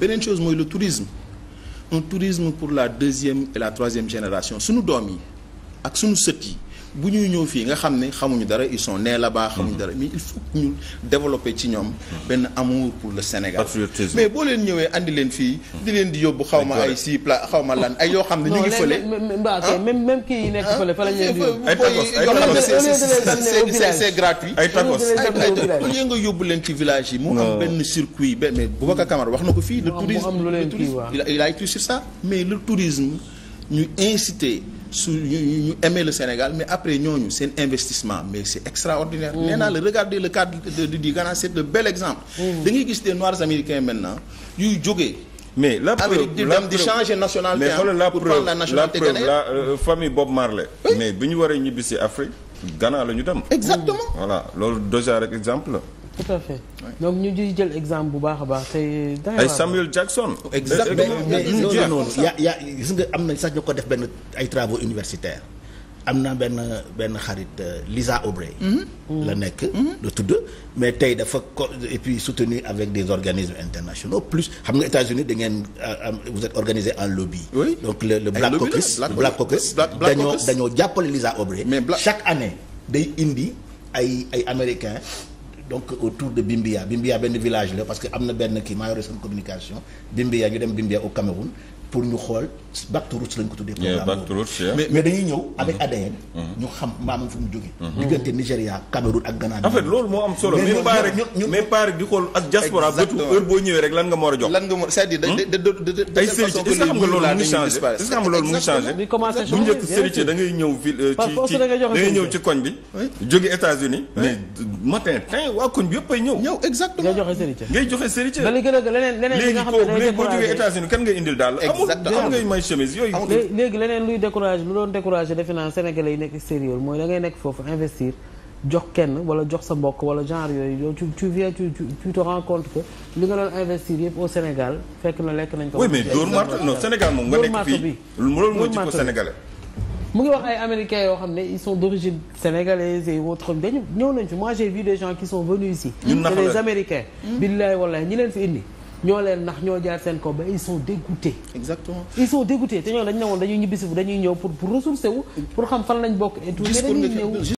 beneen chose mooy le tourisme un tourisme pour la deuxième et la troisième génération suñu doom yi ak suñu sët yi bu ñuy ñëw fii nga xam ne xamuñu dara ils sont nés là-bas xamuñu mm-hmm. dara mais il faut ñu développer ci ñoom mm-hmm. benn amour pour le Sénégal mais boo leen ñëwee andi leen fii mm-hmm. di leen di yóbbu xaw ma ay si pla xaw ma lan ay yoo xam ne ñu ngi fële ah. même même kii yi nekk ah. fële fa la ñuy yóbbu ay tacos au lieu nga yóbbu leen ci village yi mu am benn circuit benn mais wax na ko fii le tourisme il a écrit sur ça mais le tourisme ñu inciter su ñu ñu aimer le Sénégal mais après ñooñu seen investissement mais c'est extraordinaire. Mmh. nee la regardez le cadre de du Ghana c'est le bel exemple. Mmh. da ngay gis des noirs américains maintenant yuy jógee. mais la preuve di dem di changer national mais xoolal la preuve la preuve la euh, famille Bob Marley. mais bi ñu waree ñibbisi Afrique Ghana la ñu dem. exactement voilà loolu déjà rek exemple tout à fait oui. donc ñu ngi jël exemple bu baax a baax tey. ay Samuel Jackson. exactement eh, eh, eh, mais ya nga am na sax ñu ko def benn ay travaux universitaires am na benn benn xarit euh, Lisa Aubrey. Mm-hmm. la nekk. Mm-hmm. la tudd mais tey dafa ko et puis soutenu avec des organismes internationaux plus xam nga États-Unis da ngeen euh, vous êtes organisé en lobby. Oui. donc le le Black Caucus. Black Caucus dañoo dañoo jàppale Lisa Aubrey. mais chaque année day indi ay ay américains. donc autour de Bimbia Bimbia benn village la parce que am na benn kii maa yore seen communication Bimbia ñu dem Bimbia au Cameroun pour ñu xool back to roots lañ ko tuddee. programme mais mais dañuy ñëw avec mm-hmm. ADN. Mm-hmm. ñu xam maamam fu mu jógee. Mm-hmm. diggante Nigéria Cameroun ak Ghana. en a jox. lan nga mën cest mu ngi changé est ñëw ville euh, ci ñëw ci koñ bi. jóge États-Unis mais matin tey waa koñ bi yëpp ay ñëw. ñëw exactement ngay joxe sëriñ. ngay joxe sëriñ. exactement am ngay may chemise léegi leneen luy découragé lu doon découragé defe naa yi nekk extérieur mooy da ngay nekk foofu investir jox kenn wala jox sa mbokk wala genre yooyu yow tu tu viens tu tu te rends li nga doon investir yëpp au Sénégal fekk na lekk nañ ko. oui mais Dóor Marte non Sénégal moom nga nekk fii loolu moo jikko sénégalais. mu ngi wax ay américains yoo xam ne ils sont d'origine sénégalaise et autres dañu ñëw nañ fi moi j'ai vu des gens qui sont venus ici. ñun hmm. leen fi indi. ñoo leen ndax ñoo jaar seen kaw ba ils sont dégoûtés. exactement ils sont dégoûtés te ñoo dañ ne woon dañuy ñibbisi dañuy ñëw pour pour ressourcer wu. pour xam fan lañ bokk et tout.